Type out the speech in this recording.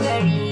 worry.